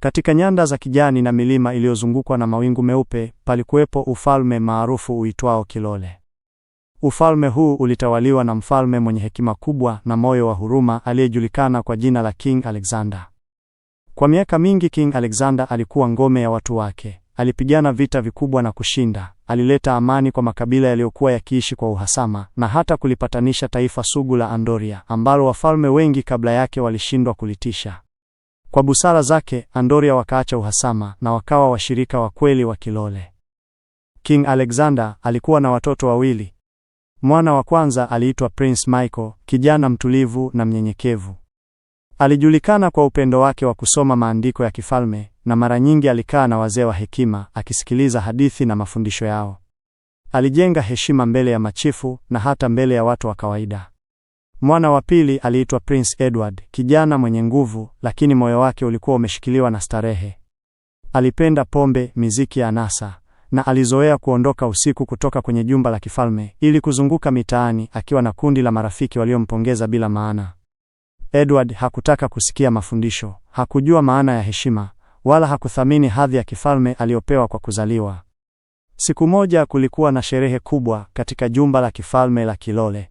Katika nyanda za kijani na milima iliyozungukwa na mawingu meupe, palikuwepo ufalme maarufu uitwao Kilole. Ufalme huu ulitawaliwa na mfalme mwenye hekima kubwa na moyo wa huruma aliyejulikana kwa jina la King Alexander. Kwa miaka mingi King Alexander alikuwa ngome ya watu wake. Alipigana vita vikubwa na kushinda. Alileta amani kwa makabila yaliyokuwa yakiishi kwa uhasama na hata kulipatanisha taifa sugu la Andoria ambalo wafalme wengi kabla yake walishindwa kulitisha. Kwa busara zake, Andoria wakaacha uhasama na wakawa washirika wa kweli wa Kilole. King Alexander alikuwa na watoto wawili. Mwana wa kwanza aliitwa Prince Michael, kijana mtulivu na mnyenyekevu. Alijulikana kwa upendo wake wa kusoma maandiko ya kifalme na mara nyingi alikaa na wazee wa hekima akisikiliza hadithi na mafundisho yao. Alijenga heshima mbele ya machifu na hata mbele ya watu wa kawaida. Mwana wa pili aliitwa Prince Edward, kijana mwenye nguvu, lakini moyo wake ulikuwa umeshikiliwa na starehe. Alipenda pombe, miziki ya anasa na alizoea kuondoka usiku kutoka kwenye jumba la kifalme ili kuzunguka mitaani akiwa na kundi la marafiki waliompongeza bila maana. Edward hakutaka kusikia mafundisho, hakujua maana ya heshima, wala hakuthamini hadhi ya kifalme aliyopewa kwa kuzaliwa. Siku moja kulikuwa na sherehe kubwa katika jumba la kifalme la Kilole.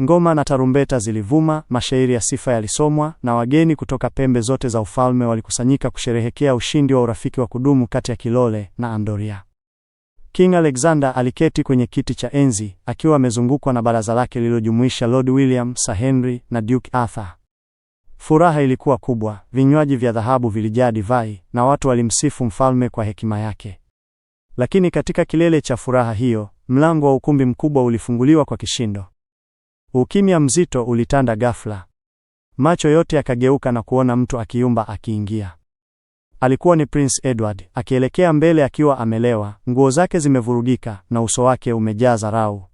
Ngoma na tarumbeta zilivuma, mashairi ya sifa yalisomwa na wageni kutoka pembe zote za ufalme walikusanyika kusherehekea ushindi wa urafiki wa kudumu kati ya Kilole na Andoria. King Alexander aliketi kwenye kiti cha enzi akiwa amezungukwa na baraza lake lililojumuisha Lord William, Sir Henry na Duke Arthur. Furaha ilikuwa kubwa, vinywaji vya dhahabu vilijaa divai na watu walimsifu mfalme kwa hekima yake. Lakini katika kilele cha furaha hiyo, mlango wa ukumbi mkubwa ulifunguliwa kwa kishindo. Ukimya mzito ulitanda ghafla. Macho yote yakageuka na kuona mtu akiumba akiingia. Alikuwa ni Prince Edward, akielekea mbele akiwa amelewa, nguo zake zimevurugika na uso wake umejaa dharau.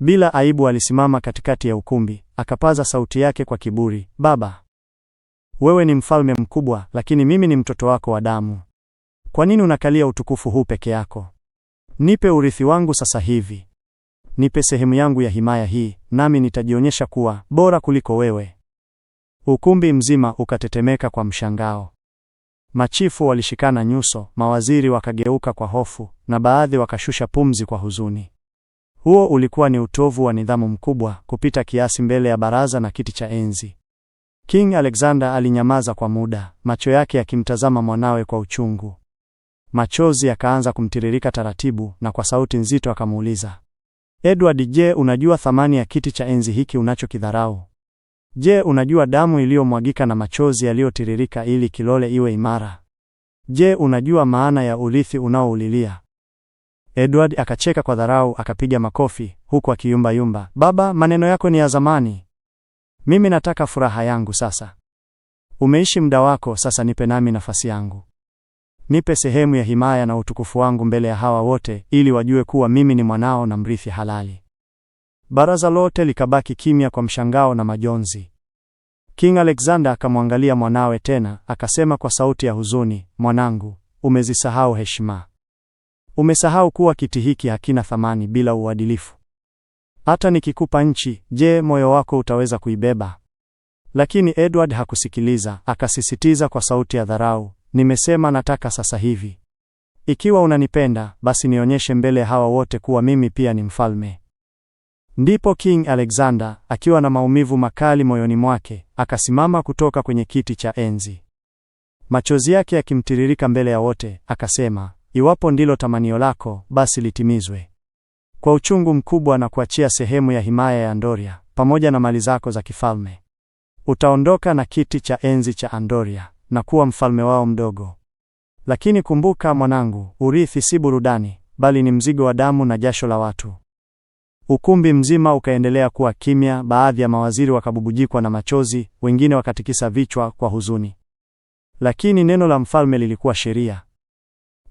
Bila aibu alisimama katikati ya ukumbi, akapaza sauti yake kwa kiburi, "Baba, wewe ni mfalme mkubwa, lakini mimi ni mtoto wako wa damu. Kwa nini unakalia utukufu huu peke yako? Nipe urithi wangu sasa hivi." nipe sehemu yangu ya himaya hii, nami nitajionyesha kuwa bora kuliko wewe. Ukumbi mzima ukatetemeka kwa mshangao. Machifu walishikana nyuso, mawaziri wakageuka kwa hofu, na baadhi wakashusha pumzi kwa huzuni. Huo ulikuwa ni utovu wa nidhamu mkubwa kupita kiasi mbele ya baraza na kiti cha enzi. King Alexander alinyamaza kwa muda, macho yake yakimtazama mwanawe kwa uchungu. Machozi yakaanza kumtiririka taratibu, na kwa sauti nzito akamuuliza, Edward, je, unajua thamani ya kiti cha enzi hiki unachokidharau? Je, unajua damu iliyomwagika na machozi yaliyotiririka ili kilole iwe imara? Je, unajua maana ya urithi unaoulilia? Edward akacheka kwa dharau, akapiga makofi huku akiyumbayumba. Baba, maneno yako ni ya zamani. Mimi nataka furaha yangu sasa. Umeishi muda wako, sasa nipe nami nafasi yangu nipe sehemu ya himaya na utukufu wangu mbele ya hawa wote, ili wajue kuwa mimi ni mwanao na mrithi halali. Baraza lote likabaki kimya kwa mshangao na majonzi. King Alexander akamwangalia mwanawe tena, akasema kwa sauti ya huzuni, mwanangu, umezisahau heshima. Umesahau kuwa kiti hiki hakina thamani bila uadilifu. Hata nikikupa nchi, je, moyo wako utaweza kuibeba? Lakini Edward hakusikiliza, akasisitiza kwa sauti ya dharau, Nimesema nataka sasa hivi. Ikiwa unanipenda, basi nionyeshe mbele hawa wote kuwa mimi pia ni mfalme. Ndipo King Alexander, akiwa na maumivu makali moyoni mwake, akasimama kutoka kwenye kiti cha enzi, machozi yake yakimtiririka mbele ya wote, akasema, iwapo ndilo tamanio lako, basi litimizwe. Kwa uchungu mkubwa na kuachia sehemu ya himaya ya Andoria pamoja na mali zako za kifalme. Utaondoka na kiti cha enzi cha Andoria na kuwa mfalme wao mdogo. Lakini kumbuka mwanangu, urithi si burudani, bali ni mzigo wa damu na jasho la watu. Ukumbi mzima ukaendelea kuwa kimya. Baadhi ya mawaziri wakabubujikwa na machozi, wengine wakatikisa vichwa kwa huzuni, lakini neno la mfalme lilikuwa sheria.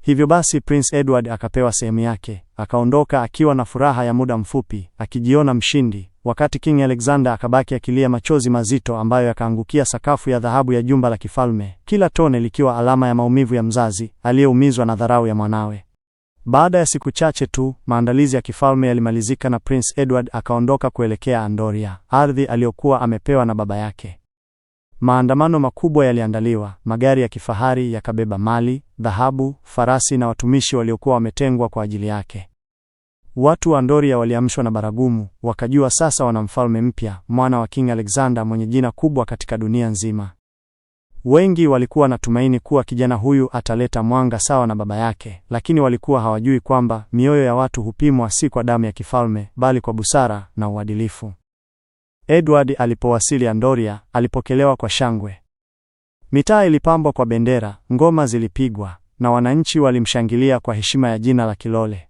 Hivyo basi Prince Edward akapewa sehemu yake, akaondoka akiwa na furaha ya muda mfupi, akijiona mshindi wakati King Alexander akabaki akilia machozi mazito ambayo yakaangukia sakafu ya dhahabu ya jumba la kifalme, kila tone likiwa alama ya maumivu ya mzazi aliyeumizwa na dharau ya mwanawe. Baada ya siku chache tu, maandalizi ya kifalme yalimalizika na Prince Edward akaondoka kuelekea Andoria, ardhi aliyokuwa amepewa na baba yake. Maandamano makubwa yaliandaliwa, magari ya kifahari yakabeba mali, dhahabu, farasi na watumishi waliokuwa wametengwa kwa ajili yake. Watu wa Andoria waliamshwa na baragumu, wakajua sasa wana mfalme mpya, mwana wa King Alexander mwenye jina kubwa katika dunia nzima. Wengi walikuwa na tumaini kuwa kijana huyu ataleta mwanga sawa na baba yake, lakini walikuwa hawajui kwamba mioyo ya watu hupimwa si kwa damu ya kifalme, bali kwa busara na uadilifu. Edward alipowasili Andoria, alipokelewa kwa shangwe. Mitaa ilipambwa kwa bendera, ngoma zilipigwa, na wananchi walimshangilia kwa heshima ya jina la Kilole.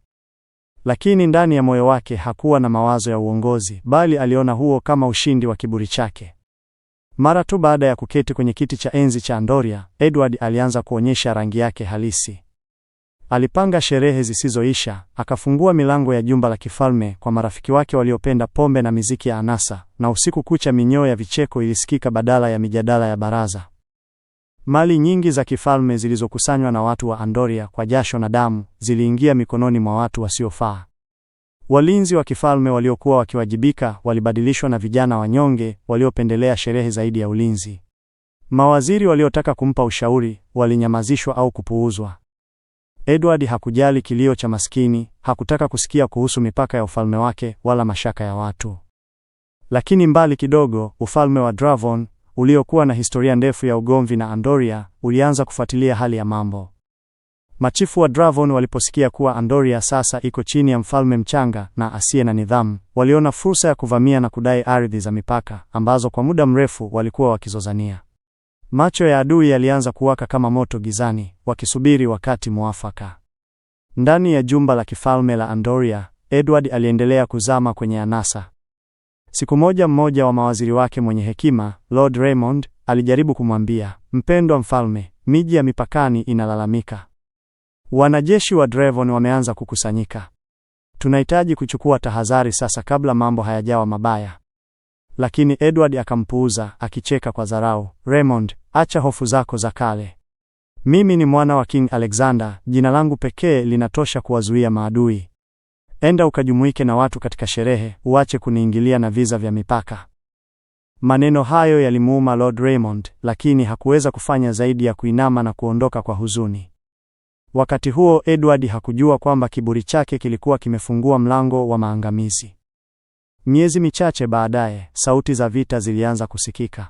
Lakini ndani ya moyo wake hakuwa na mawazo ya uongozi, bali aliona huo kama ushindi wa kiburi chake. Mara tu baada ya kuketi kwenye kiti cha enzi cha Andoria, Edward alianza kuonyesha rangi yake halisi. Alipanga sherehe zisizoisha, akafungua milango ya jumba la kifalme kwa marafiki wake waliopenda pombe na miziki ya anasa, na usiku kucha minyoo ya vicheko ilisikika badala ya mijadala ya baraza. Mali nyingi za kifalme zilizokusanywa na watu wa Andoria kwa jasho na damu ziliingia mikononi mwa watu wasiofaa. Walinzi wa kifalme waliokuwa wakiwajibika walibadilishwa na vijana wanyonge waliopendelea sherehe zaidi ya ulinzi. Mawaziri waliotaka kumpa ushauri walinyamazishwa au kupuuzwa. Edward hakujali kilio cha maskini, hakutaka kusikia kuhusu mipaka ya ufalme wake wala mashaka ya watu. Lakini mbali kidogo, ufalme wa Dravon uliokuwa na historia ndefu ya ugomvi na Andoria ulianza kufuatilia hali ya mambo. Machifu wa Dravon waliposikia kuwa Andoria sasa iko chini ya mfalme mchanga na asiye na nidhamu, waliona fursa ya kuvamia na kudai ardhi za mipaka ambazo kwa muda mrefu walikuwa wakizozania. Macho ya adui yalianza kuwaka kama moto gizani, wakisubiri wakati mwafaka. Ndani ya jumba la kifalme la Andoria, Edward aliendelea kuzama kwenye anasa, Siku moja mmoja wa mawaziri wake mwenye hekima, Lord Raymond, alijaribu kumwambia, mpendwa mfalme, miji ya mipakani inalalamika. Wanajeshi wa Drevon wameanza kukusanyika. Tunahitaji kuchukua tahadhari sasa kabla mambo hayajawa mabaya. Lakini Edward akampuuza akicheka kwa dharau, Raymond, acha hofu zako za kale. Mimi ni mwana wa King Alexander, jina langu pekee linatosha kuwazuia maadui. Enda ukajumuike na watu katika sherehe, uache kuniingilia na visa vya mipaka. Maneno hayo yalimuuma Lord Raymond, lakini hakuweza kufanya zaidi ya kuinama na kuondoka kwa huzuni. Wakati huo Edward hakujua kwamba kiburi chake kilikuwa kimefungua mlango wa maangamizi. Miezi michache baadaye, sauti za vita zilianza kusikika.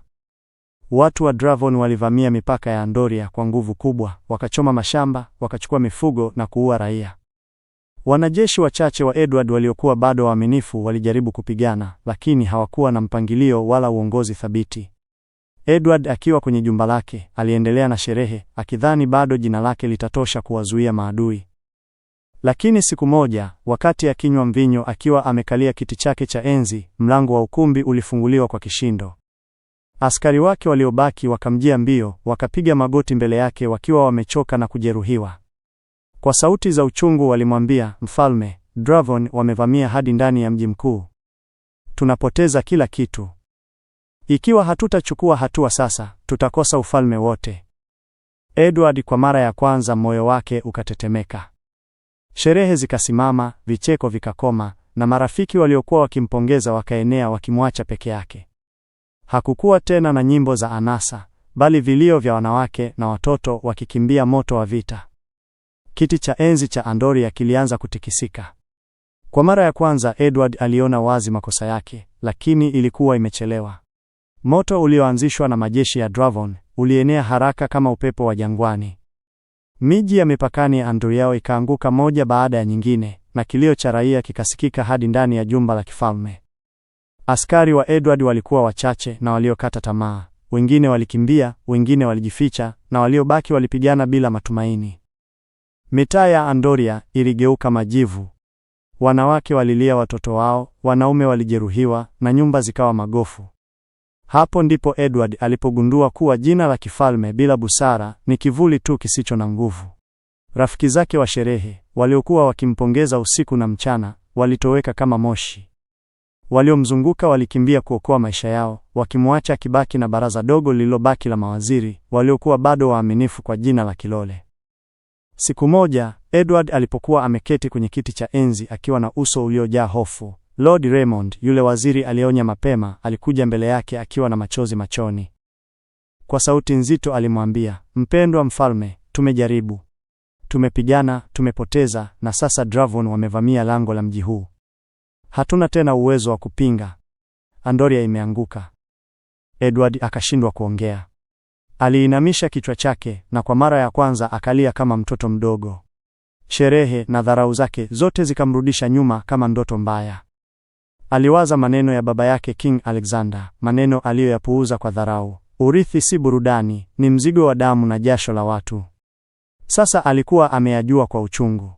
Watu wa Dravon walivamia mipaka ya Andoria kwa nguvu kubwa, wakachoma mashamba, wakachukua mifugo na kuua raia. Wanajeshi wachache wa Edward waliokuwa bado waaminifu walijaribu kupigana, lakini hawakuwa na mpangilio wala uongozi thabiti. Edward akiwa kwenye jumba lake, aliendelea na sherehe, akidhani bado jina lake litatosha kuwazuia maadui. Lakini siku moja, wakati akinywa mvinyo akiwa amekalia kiti chake cha enzi, mlango wa ukumbi ulifunguliwa kwa kishindo. Askari wake waliobaki wakamjia mbio, wakapiga magoti mbele yake wakiwa wamechoka na kujeruhiwa. Kwa sauti za uchungu walimwambia mfalme, Dravon wamevamia hadi ndani ya mji mkuu. Tunapoteza kila kitu. Ikiwa hatutachukua hatua sasa, tutakosa ufalme wote. Edward kwa mara ya kwanza moyo wake ukatetemeka. Sherehe zikasimama, vicheko vikakoma, na marafiki waliokuwa wakimpongeza wakaenea wakimwacha peke yake. Hakukuwa tena na nyimbo za anasa, bali vilio vya wanawake na watoto wakikimbia moto wa vita kiti cha enzi cha Andoria kilianza kutikisika. Kwa mara ya kwanza Edward aliona wazi makosa yake, lakini ilikuwa imechelewa. Moto ulioanzishwa na majeshi ya Dravon ulienea haraka kama upepo wa jangwani. Miji ya mipakani ya andoriao ikaanguka moja baada ya nyingine, na kilio cha raia kikasikika hadi ndani ya jumba la kifalme. Askari wa Edward walikuwa wachache na waliokata tamaa, wengine walikimbia, wengine walijificha, na waliobaki walipigana bila matumaini. Mitaa ya Andoria iligeuka majivu. Wanawake walilia watoto wao, wanaume walijeruhiwa na nyumba zikawa magofu. Hapo ndipo Edward alipogundua kuwa jina la kifalme bila busara ni kivuli tu kisicho na nguvu. Rafiki zake wa sherehe waliokuwa wakimpongeza usiku na mchana walitoweka kama moshi. Waliomzunguka walikimbia kuokoa maisha yao, wakimwacha akibaki na baraza dogo lililobaki la mawaziri waliokuwa bado waaminifu kwa jina la Kilole. Siku moja Edward alipokuwa ameketi kwenye kiti cha enzi akiwa na uso uliojaa hofu, Lord Raymond, yule waziri aliyeonya mapema, alikuja mbele yake akiwa na machozi machoni. Kwa sauti nzito alimwambia, mpendwa mfalme, tumejaribu, tumepigana, tumepoteza, na sasa Dravon wamevamia lango la mji huu. Hatuna tena uwezo wa kupinga. Andoria imeanguka. Edward akashindwa kuongea. Aliinamisha kichwa chake na kwa mara ya kwanza akalia kama mtoto mdogo. Sherehe na dharau zake zote zikamrudisha nyuma kama ndoto mbaya. Aliwaza maneno ya baba yake King Alexander, maneno aliyoyapuuza kwa dharau. Urithi si burudani, ni mzigo wa damu na jasho la watu. Sasa alikuwa ameyajua kwa uchungu.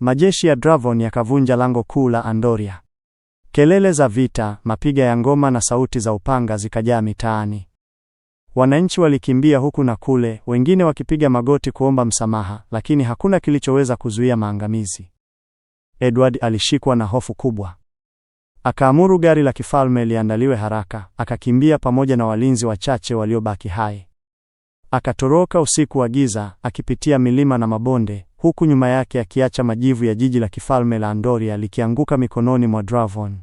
Majeshi ya Dravon yakavunja lango kuu la Andoria. Kelele za vita, mapiga ya ngoma na sauti za upanga zikajaa mitaani. Wananchi walikimbia huku na kule, wengine wakipiga magoti kuomba msamaha, lakini hakuna kilichoweza kuzuia maangamizi. Edward alishikwa na hofu kubwa. Akaamuru gari la kifalme liandaliwe haraka, akakimbia pamoja na walinzi wachache waliobaki hai. Akatoroka usiku wa giza, akipitia milima na mabonde, huku nyuma yake akiacha majivu ya jiji la kifalme la Andoria likianguka mikononi mwa Dravon.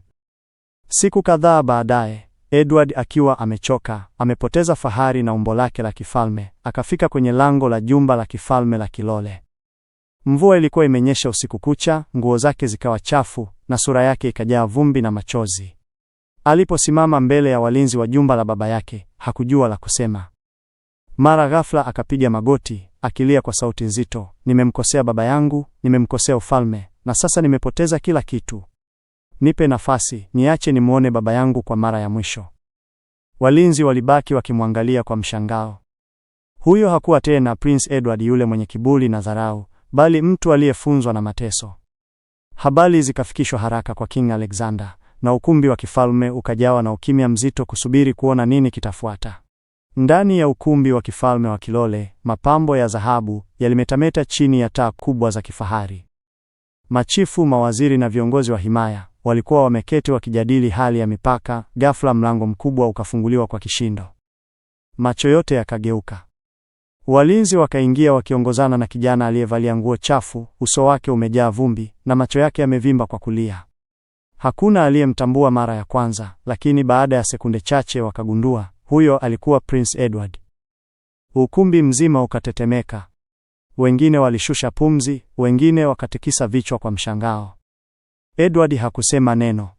Siku kadhaa baadaye Edward akiwa amechoka, amepoteza fahari na umbo lake la kifalme, akafika kwenye lango la jumba la kifalme la Kilole. Mvua ilikuwa imenyesha usiku kucha, nguo zake zikawa chafu na sura yake ikajaa vumbi na machozi. Aliposimama mbele ya walinzi wa jumba la baba yake, hakujua la kusema. Mara ghafla akapiga magoti, akilia kwa sauti nzito, nimemkosea baba yangu, nimemkosea ufalme, na sasa nimepoteza kila kitu nipe nafasi, niache nimwone baba yangu kwa mara ya mwisho. Walinzi walibaki wakimwangalia kwa mshangao. Huyo hakuwa tena Prince Edward yule mwenye kiburi na dharau, bali mtu aliyefunzwa na mateso. Habari zikafikishwa haraka kwa King Alexander na ukumbi wa kifalme ukajawa na ukimya mzito kusubiri kuona nini kitafuata. Ndani ya ukumbi wa kifalme wa Kilole, mapambo ya dhahabu yalimetameta chini ya taa kubwa za kifahari. Machifu, mawaziri na viongozi wa himaya Walikuwa wameketi wakijadili hali ya mipaka, ghafla mlango mkubwa ukafunguliwa kwa kishindo. Macho yote yakageuka. Walinzi wakaingia wakiongozana na kijana aliyevalia nguo chafu, uso wake umejaa vumbi na macho yake yamevimba kwa kulia. Hakuna aliyemtambua mara ya kwanza, lakini baada ya sekunde chache wakagundua huyo alikuwa Prince Edward. Ukumbi mzima ukatetemeka. Wengine walishusha pumzi, wengine wakatikisa vichwa kwa mshangao. Edward hakusema neno.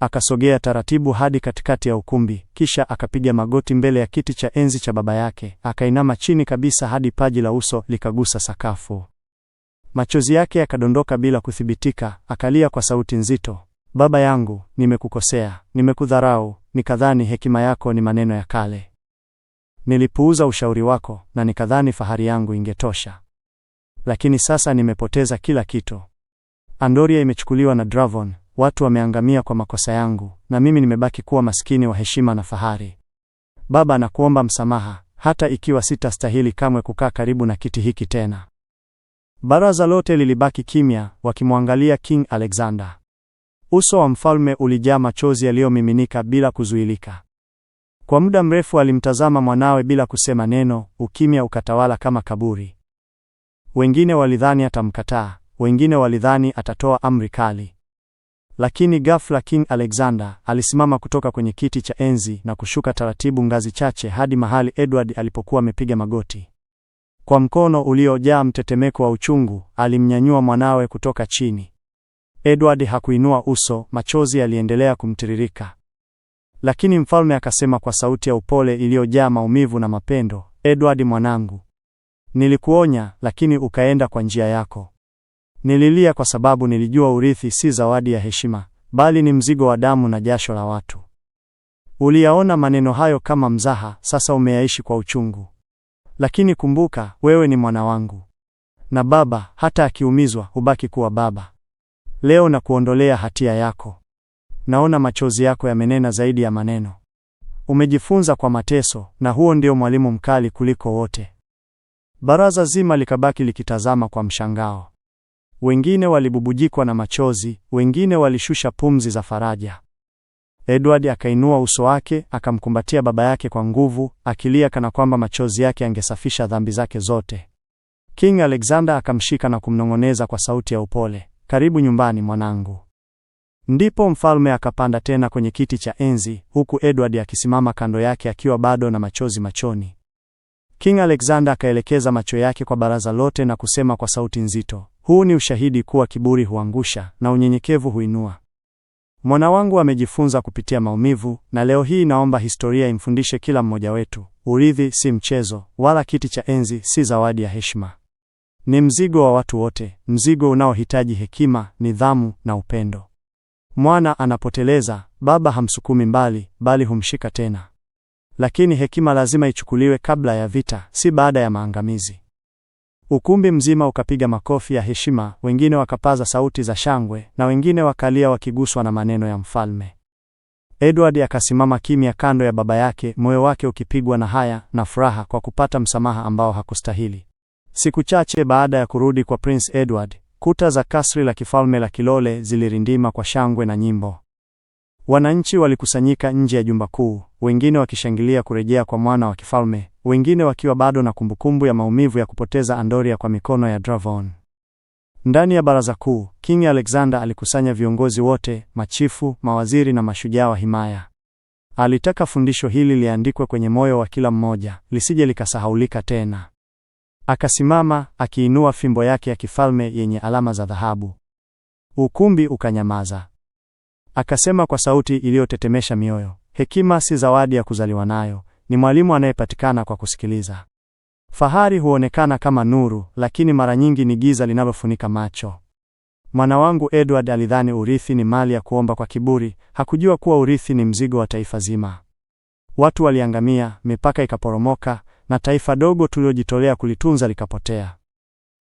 Akasogea taratibu hadi katikati ya ukumbi, kisha akapiga magoti mbele ya kiti cha enzi cha baba yake, akainama chini kabisa hadi paji la uso likagusa sakafu. Machozi yake yakadondoka bila kuthibitika, akalia kwa sauti nzito, baba yangu, nimekukosea, nimekudharau, nikadhani hekima yako ni maneno ya kale. Nilipuuza ushauri wako na nikadhani fahari yangu ingetosha, lakini sasa nimepoteza kila kitu. Andoria imechukuliwa na Dravon, watu wameangamia kwa makosa yangu, na mimi nimebaki kuwa maskini wa heshima na fahari. Baba, nakuomba msamaha, hata ikiwa sitastahili kamwe kukaa karibu na kiti hiki tena. Baraza lote lilibaki kimya, wakimwangalia King Alexander. Uso wa mfalme ulijaa machozi yaliyomiminika bila kuzuilika. Kwa muda mrefu alimtazama mwanawe bila kusema neno, ukimya ukatawala kama kaburi. Wengine walidhani atamkataa, wengine walidhani atatoa amri kali. Lakini ghafla King Alexander alisimama kutoka kwenye kiti cha enzi na kushuka taratibu ngazi chache hadi mahali Edward alipokuwa amepiga magoti. Kwa mkono uliojaa mtetemeko wa uchungu, alimnyanyua mwanawe kutoka chini. Edward hakuinua uso, machozi yaliendelea kumtiririka. Lakini mfalme akasema kwa sauti ya upole iliyojaa maumivu na mapendo, Edward mwanangu, nilikuonya, lakini ukaenda kwa njia yako. Nililia kwa sababu nilijua urithi si zawadi ya heshima, bali ni mzigo wa damu na jasho la watu. Uliyaona maneno hayo kama mzaha, sasa umeyaishi kwa uchungu. Lakini kumbuka, wewe ni mwana wangu, na baba hata akiumizwa hubaki kuwa baba. Leo na kuondolea hatia yako. Naona machozi yako yamenena zaidi ya maneno. Umejifunza kwa mateso, na huo ndio mwalimu mkali kuliko wote. Baraza zima likabaki likitazama kwa mshangao wengine walibubujikwa na machozi, wengine walishusha pumzi za faraja. Edward akainua uso wake, akamkumbatia baba yake kwa nguvu, akilia kana kwamba machozi yake angesafisha dhambi zake zote. King Alexander akamshika na kumnong'oneza kwa sauti ya upole, karibu nyumbani mwanangu. Ndipo mfalme akapanda tena kwenye kiti cha enzi, huku Edward akisimama kando yake akiwa bado na machozi machoni. King Alexander akaelekeza macho yake kwa baraza lote na kusema kwa sauti nzito, huu ni ushahidi kuwa kiburi huangusha na unyenyekevu huinua. Mwana wangu amejifunza kupitia maumivu, na leo hii naomba historia imfundishe kila mmoja wetu, urithi si mchezo, wala kiti cha enzi si zawadi ya heshima. Ni mzigo wa watu wote, mzigo unaohitaji hekima, nidhamu na upendo. Mwana anapoteleza, baba hamsukumi mbali, bali humshika tena. Lakini hekima lazima ichukuliwe kabla ya vita, si baada ya maangamizi. Ukumbi mzima ukapiga makofi ya heshima, wengine wakapaza sauti za shangwe na wengine wakalia wakiguswa na maneno ya mfalme. Edward akasimama kimya kando ya baba yake, moyo wake ukipigwa na haya na furaha kwa kupata msamaha ambao hakustahili. Siku chache baada ya kurudi kwa Prince Edward, kuta za kasri la kifalme la Kilole zilirindima kwa shangwe na nyimbo. Wananchi walikusanyika nje ya jumba kuu, wengine wakishangilia kurejea kwa mwana wa kifalme, wengine wakiwa bado na kumbukumbu ya maumivu ya kupoteza Andoria kwa mikono ya Dravon. Ndani ya baraza kuu, King Alexander alikusanya viongozi wote, machifu, mawaziri na mashujaa wa himaya. Alitaka fundisho hili liandikwe kwenye moyo wa kila mmoja, lisije likasahaulika tena. Akasimama akiinua fimbo yake ya kifalme yenye alama za dhahabu. Ukumbi ukanyamaza. Akasema kwa sauti iliyotetemesha mioyo, hekima si zawadi ya kuzaliwa nayo, ni mwalimu anayepatikana kwa kusikiliza. Fahari huonekana kama nuru, lakini mara nyingi ni giza linalofunika macho. Mwana wangu Edward alidhani urithi ni mali ya kuomba kwa kiburi, hakujua kuwa urithi ni mzigo wa taifa zima. Watu waliangamia, mipaka ikaporomoka, na taifa dogo tuliojitolea kulitunza likapotea.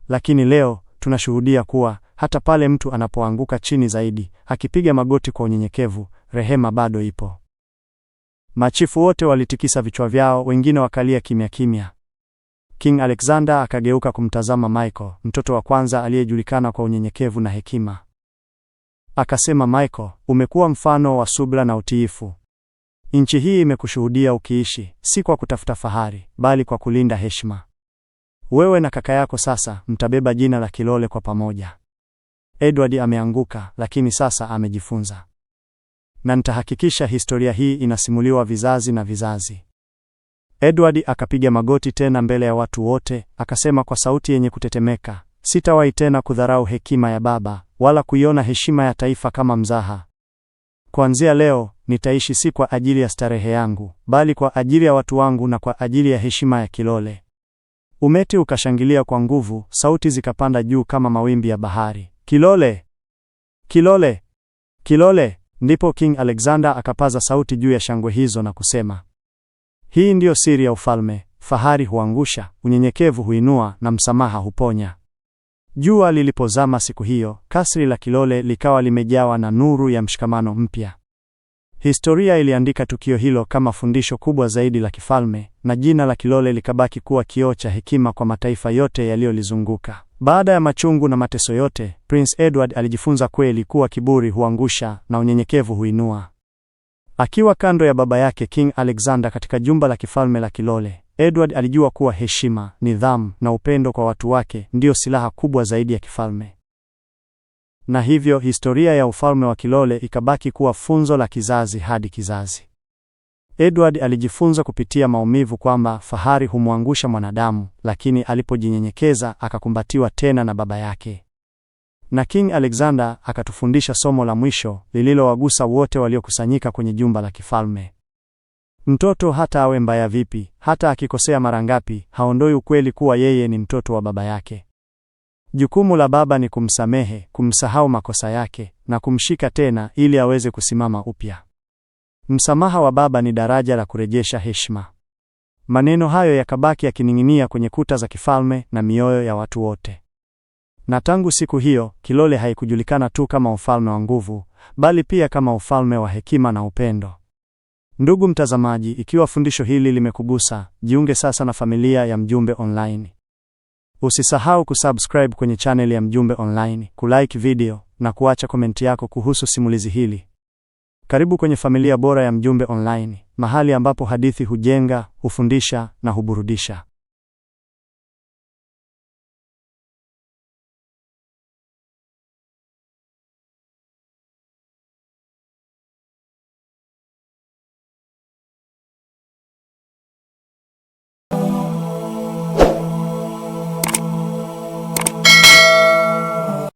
Lakini leo tunashuhudia kuwa hata pale mtu anapoanguka chini zaidi, akipiga magoti kwa unyenyekevu, rehema bado ipo. Machifu wote walitikisa vichwa vyao, wengine wakalia kimya kimya. King Alexander akageuka kumtazama Michael, mtoto wa kwanza aliyejulikana kwa unyenyekevu na hekima. Akasema, Michael, umekuwa mfano wa subra na utiifu. Nchi hii imekushuhudia ukiishi, si kwa kutafuta fahari, bali kwa kulinda heshima. Wewe na kaka yako sasa mtabeba jina la Kilole kwa pamoja. Edward ameanguka, lakini sasa amejifunza na nitahakikisha historia hii inasimuliwa vizazi na vizazi. Edward akapiga magoti tena mbele ya watu wote, akasema kwa sauti yenye kutetemeka, sitawahi tena kudharau hekima ya baba wala kuiona heshima ya taifa kama mzaha. Kuanzia leo nitaishi si kwa ajili ya starehe yangu, bali kwa ajili ya watu wangu na kwa ajili ya heshima ya Kilole. Umeti ukashangilia kwa nguvu, sauti zikapanda juu kama mawimbi ya bahari. Kilole! Kilole! Kilole! Ndipo King Alexander akapaza sauti juu ya shangwe hizo na kusema, hii ndiyo siri ya ufalme: fahari huangusha, unyenyekevu huinua, na msamaha huponya. Jua lilipozama siku hiyo, kasri la Kilole likawa limejawa na nuru ya mshikamano mpya. Historia iliandika tukio hilo kama fundisho kubwa zaidi la kifalme, na jina la Kilole likabaki kuwa kioo cha hekima kwa mataifa yote yaliyolizunguka. Baada ya machungu na mateso yote, Prince Edward alijifunza kweli kuwa kiburi huangusha na unyenyekevu huinua. Akiwa kando ya baba yake King Alexander katika jumba la kifalme la Kilole, Edward alijua kuwa heshima, nidhamu na upendo kwa watu wake ndiyo silaha kubwa zaidi ya kifalme. Na hivyo historia ya ufalme wa Kilole ikabaki kuwa funzo la kizazi hadi kizazi. Edward alijifunza kupitia maumivu kwamba fahari humwangusha mwanadamu, lakini alipojinyenyekeza akakumbatiwa tena na baba yake. Na King Alexander akatufundisha somo la mwisho lililowagusa wote waliokusanyika kwenye jumba la kifalme. Mtoto hata awe mbaya vipi, hata akikosea mara ngapi, haondoi ukweli kuwa yeye ni mtoto wa baba yake. Jukumu la baba ni kumsamehe, kumsahau makosa yake na kumshika tena ili aweze kusimama upya. Msamaha wa baba ni daraja la kurejesha heshima. Maneno hayo yakabaki yakining'inia kwenye kuta za kifalme na mioyo ya watu wote. Na tangu siku hiyo, Kilole haikujulikana tu kama ufalme wa nguvu, bali pia kama ufalme wa hekima na upendo. Ndugu mtazamaji, ikiwa fundisho hili limekugusa, jiunge sasa na familia ya Mjumbe Online. Usisahau kusubscribe kwenye chaneli ya Mjumbe Online, kulike video na kuacha komenti yako kuhusu simulizi hili. Karibu kwenye familia bora ya Mjumbe Online, mahali ambapo hadithi hujenga, hufundisha na huburudisha.